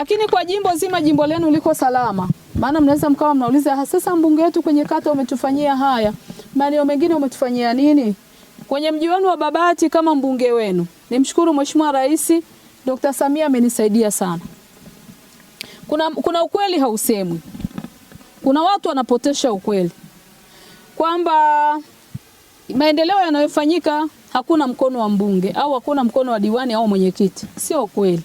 Lakini kwa jimbo zima, jimbo lenu liko salama, maana mnaweza mkawa mnauliza sasa, mbunge wetu kwenye kata umetufanyia haya, maeneo mengine umetufanyia nini? Kwenye mji wenu wa Babati kama mbunge wenu, nimshukuru Mheshimiwa Rais Dr. Samia amenisaidia sana. Kuna, kuna ukweli hausemwi, kuna watu wanapotesha ukweli kwamba maendeleo yanayofanyika hakuna mkono wa mbunge au hakuna mkono wa diwani au mwenyekiti. Sio kweli.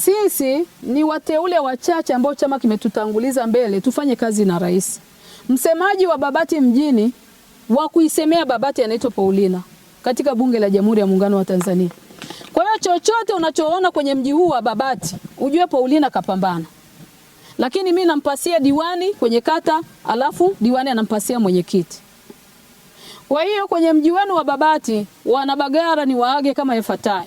Sisi ni wateule wachache ambao chama kimetutanguliza mbele, tufanye kazi na rais. Msemaji wa Babati mjini wa kuisemea Babati anaitwa Paulina katika bunge la Jamhuri ya Muungano wa Tanzania. Kwa hiyo chochote unachoona kwenye mji huu wa Babati ujue Paulina kapambana, lakini mi nampasia diwani kwenye kata, alafu diwani anampasia mwenyekiti. Kwa hiyo kwenye mji wenu wa Babati, wanabagara ni waage kama ifuatayo: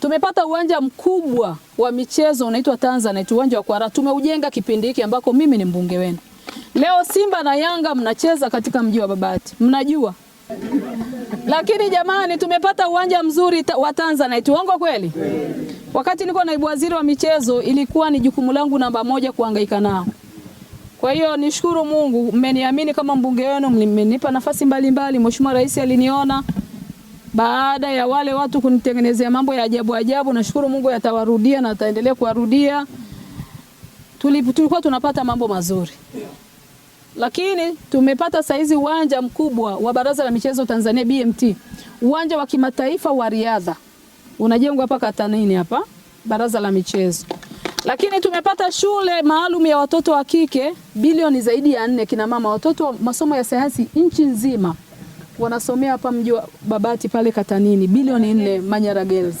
Tumepata uwanja mkubwa wa michezo unaitwa Tanzanite, uwanja wa Kwara tumeujenga kipindi hiki ambako mimi ni mbunge wenu. Leo Simba na Yanga mnacheza katika mji wa Babati, mnajua. Lakini jamani, tumepata uwanja mzuri wa Tanzanite, uongo kweli? Wakati niko naibu waziri wa michezo, ilikuwa ni jukumu langu namba moja kuhangaika nao. Kwa hiyo nishukuru Mungu, mmeniamini kama mbunge wenu, mmenipa nafasi mbalimbali. Mheshimiwa Rais aliniona baada ya wale watu kunitengenezea mambo ya ajabu ajabu, nashukuru Mungu yatawarudia na ataendelea kuwarudia. Tulikuwa tunapata mambo mazuri, lakini tumepata saizi uwanja mkubwa wa Baraza la Michezo Tanzania BMT, uwanja wa kimataifa wa riadha unajengwa hapa Katanini hapa Baraza la Michezo, lakini tumepata shule maalum ya watoto wa kike bilioni zaidi ya nne, kinamama watoto masomo ya sayansi nchi nzima wanasomea hapa mji wa Babati pale Katanini, bilioni nne Manyara Girls.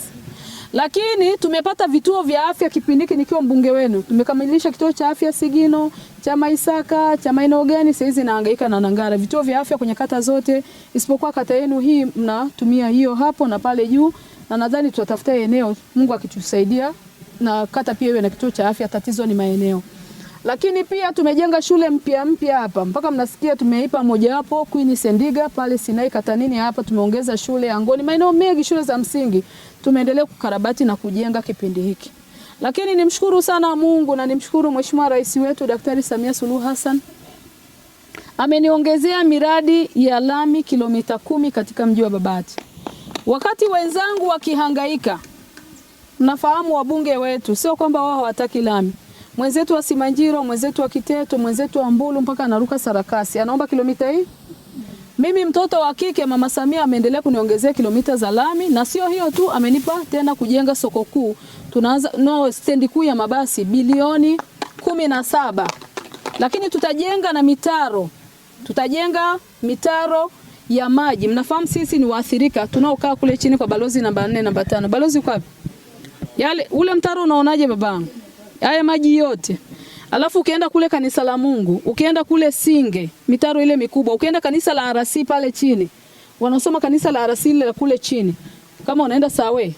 Lakini tumepata vituo vya afya kipindi hiki nikiwa mbunge wenu. Tumekamilisha kituo cha afya Sigino, cha Maisaka, cha gani, sasa hizi naangaika na Nangara. Vituo vya afya kwenye kata zote isipokuwa kata yenu hii mnatumia hiyo hapo na pale juu na nadhani tutatafuta eneo Mungu akitusaidia na kata pia iwe na kituo cha afya, tatizo ni maeneo. Lakini pia tumejenga shule mpya mpya hapa, mpaka mnasikia tumeipa mojawapo Queen Sendiga pale Sinai Katanini. Hapa tumeongeza shule ya Ngoni, maeneo mengi shule za msingi tumeendelea kukarabati na kujenga kipindi hiki. Lakini nimshukuru sana Mungu na nimshukuru Mheshimiwa Rais wetu Daktari Samia Suluhu Hassan ameniongezea miradi ya lami kilomita kumi katika mji wa Babati. Wakati wenzangu wakihangaika, mnafahamu wabunge wetu sio kwamba wao hawataki lami mwenzetu wa Simanjiro, mwenzetu wa Kiteto, mwenzetu wa Mbulu mpaka anaruka sarakasi, anaomba kilomita hii. Mimi mtoto wa kike, mama Samia ameendelea kuniongezea kilomita za lami, na sio hiyo tu, amenipa tena kujenga soko kuu, tunaanza no stendi kuu ya mabasi bilioni kumi na saba, lakini tutajenga na mitaro, tutajenga mitaro ya maji. Mnafahamu sisi ni waathirika tunaokaa kule chini kwa balozi namba 4 namba 5. Balozi uko wapi? Yale ule mtaro unaonaje babangu? haya maji yote alafu ukienda kule kanisa la Mungu, ukienda kule Singe, mitaro ile mikubwa, ukienda kanisa la RC pale chini, wanasoma kanisa la RC ile kule chini, kama unaenda Sawe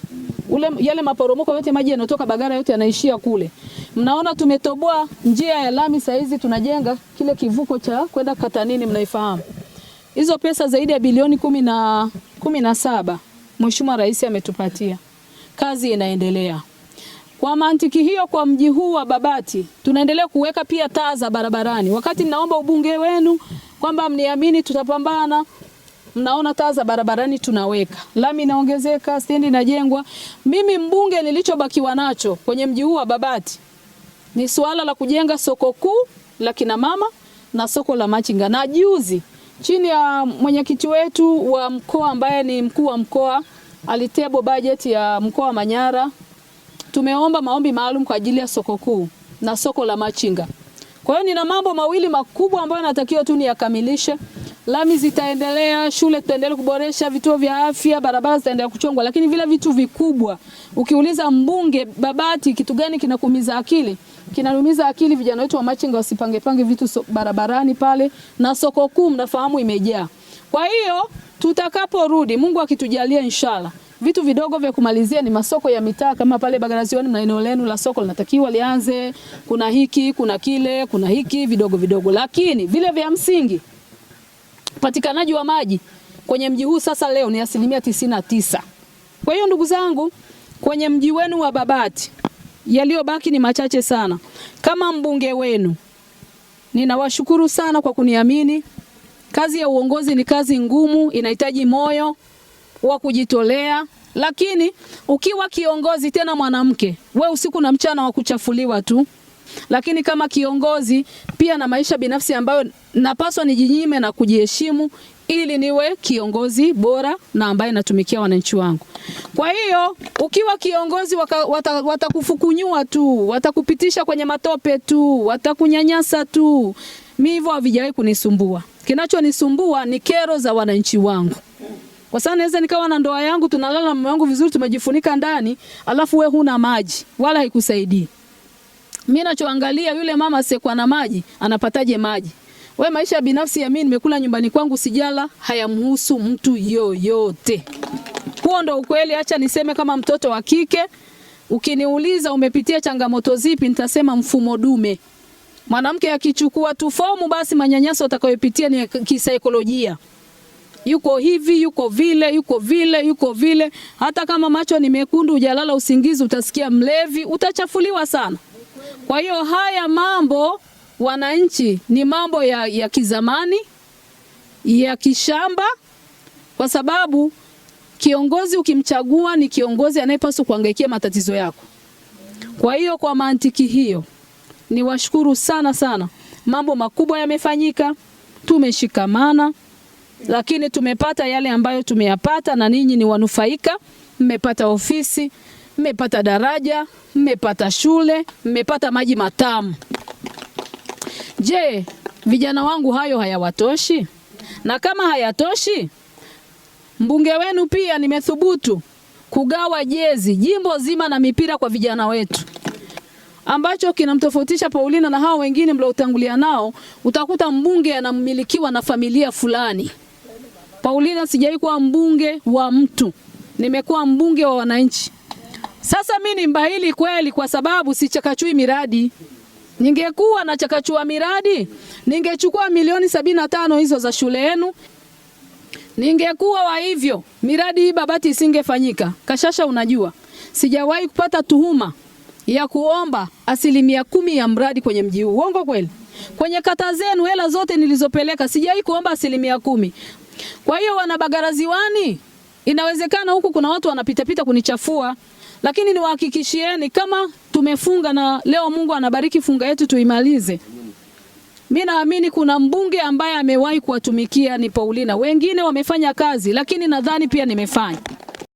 ule, yale maporomoko yote maji yanotoka Bagara yote yanaishia kule. Mnaona tumetoboa njia ya lami, saa hizi tunajenga kile kivuko cha kwenda Katanini, mnaifahamu hizo pesa zaidi ya bilioni kumi na, kumi na saba Mheshimiwa Rais ametupatia, kazi inaendelea. Kwa mantiki hiyo, kwa mji huu wa Babati tunaendelea kuweka pia taa za barabarani. Wakati mnaomba ubunge wenu kwamba mniamini, tutapambana Mnaona taa za barabarani tunaweka, lami inaongezeka, stendi inajengwa. Mimi mbunge, nilichobakiwa nacho kwenye mji huu wa Babati ni suala la kujenga soko kuu la kinamama na soko la machinga. Na juzi chini ya mwenyekiti wetu wa mkoa ambaye ni mkuu wa mkoa alitebo bajeti ya mkoa wa Manyara tumeomba maombi maalum kwa ajili ya soko kuu na soko la machinga. Kwa hiyo nina mambo mawili makubwa ambayo natakiwa tu niyakamilishe. Lami zitaendelea, shule tutaendelea kuboresha, vituo vya afya, barabara zitaendelea kuchongwa, lakini vile vitu vikubwa, ukiuliza mbunge Babati, kitu gani kinakuumiza akili? kinaumiza akili vijana wetu wa machinga wasipangepange vitu so, barabarani pale na soko kuu mnafahamu imejaa. Kwa hiyo tutakaporudi, Mungu akitujalia inshallah Vitu vidogo vya kumalizia ni masoko ya mitaa kama pale Bagarazioni, na eneo lenu la soko linatakiwa lianze, kuna hiki kuna kile kuna hiki vidogo vidogo, lakini vile vya msingi, upatikanaji wa maji kwenye mji huu sasa leo ni asilimia tisini na tisa. Kwa hiyo ndugu zangu, kwenye mji wenu wa Babati yaliyobaki ni machache sana. Kama mbunge wenu, ninawashukuru sana kwa kuniamini. Kazi ya uongozi ni kazi ngumu, inahitaji moyo wa kujitolea, lakini ukiwa kiongozi tena mwanamke, we usiku na mchana wa kuchafuliwa tu lakini kama kiongozi pia na maisha binafsi ambayo napaswa nijinyime na kujiheshimu ili niwe kiongozi bora na ambaye natumikia wananchi wangu. Kwa hiyo ukiwa kiongozi watakufukunyua wata tu, watakupitisha kwenye matope tu, watakunyanyasa tu. Mi hivyo havijawahi kunisumbua. Kinachonisumbua ni kero za wananchi wangu. Kwa sababu naweza nikawa na ndoa yangu tunalala na mume wangu vizuri, tumejifunika ndani, alafu we huna maji wala haikusaidii. Mimi nachoangalia yule mama asiyekuwa na maji anapataje maji? We, maisha binafsi ya mimi nimekula nyumbani kwangu sijala, hayamhusu mtu yoyote. Huo ndo ukweli. Acha niseme kama mtoto wa kike, ukiniuliza umepitia changamoto zipi, nitasema mfumo dume. Mwanamke akichukua tu fomu, basi manyanyaso atakayopitia ni kisaikolojia yuko hivi, yuko vile, yuko vile, yuko vile. Hata kama macho ni mekundu, hujalala usingizi, utasikia mlevi, utachafuliwa sana. Kwa hiyo haya mambo wananchi, ni mambo ya, ya kizamani ya kishamba, kwa sababu kiongozi ukimchagua ni kiongozi anayepaswa kuangaikia matatizo yako. Kwa hiyo kwa mantiki hiyo, ni washukuru sana sana, mambo makubwa yamefanyika, tumeshikamana lakini tumepata yale ambayo tumeyapata, na ninyi ni wanufaika. Mmepata ofisi, mmepata daraja, mmepata shule, mmepata maji matamu. Je, vijana wangu, hayo hayawatoshi? Na kama hayatoshi, mbunge wenu pia nimethubutu kugawa jezi jimbo zima na mipira kwa vijana wetu ambacho kinamtofautisha Paulina na hao wengine mliotangulia nao, utakuta mbunge anamilikiwa na familia fulani. Paulina, sijai kuwa mbunge wa mtu, nimekuwa mbunge wa wananchi. Sasa mi ni mbahili kweli, kwa sababu sichakachui miradi. Ningekuwa nachakachua miradi, ningechukua milioni sabini na tano hizo za shule yenu. Ningekuwa wa hivyo, miradi hii Babati isingefanyika. Kashasha, unajua sijawahi kupata tuhuma ya kuomba asilimia kumi ya mradi kwenye mji huu. Uongo kweli? Kwenye kata zenu hela zote nilizopeleka sijawai kuomba asilimia kumi. Kwa hiyo wana Ziwani, inawezekana huku kuna watu wanapitapita kunichafua, lakini niwahakikishieni kama tumefunga na leo Mungu anabariki funga yetu tuimalize. Mimi naamini kuna mbunge ambaye amewahi kuwatumikia ni Paulina. Wengine wamefanya kazi, lakini nadhani pia nimefanya.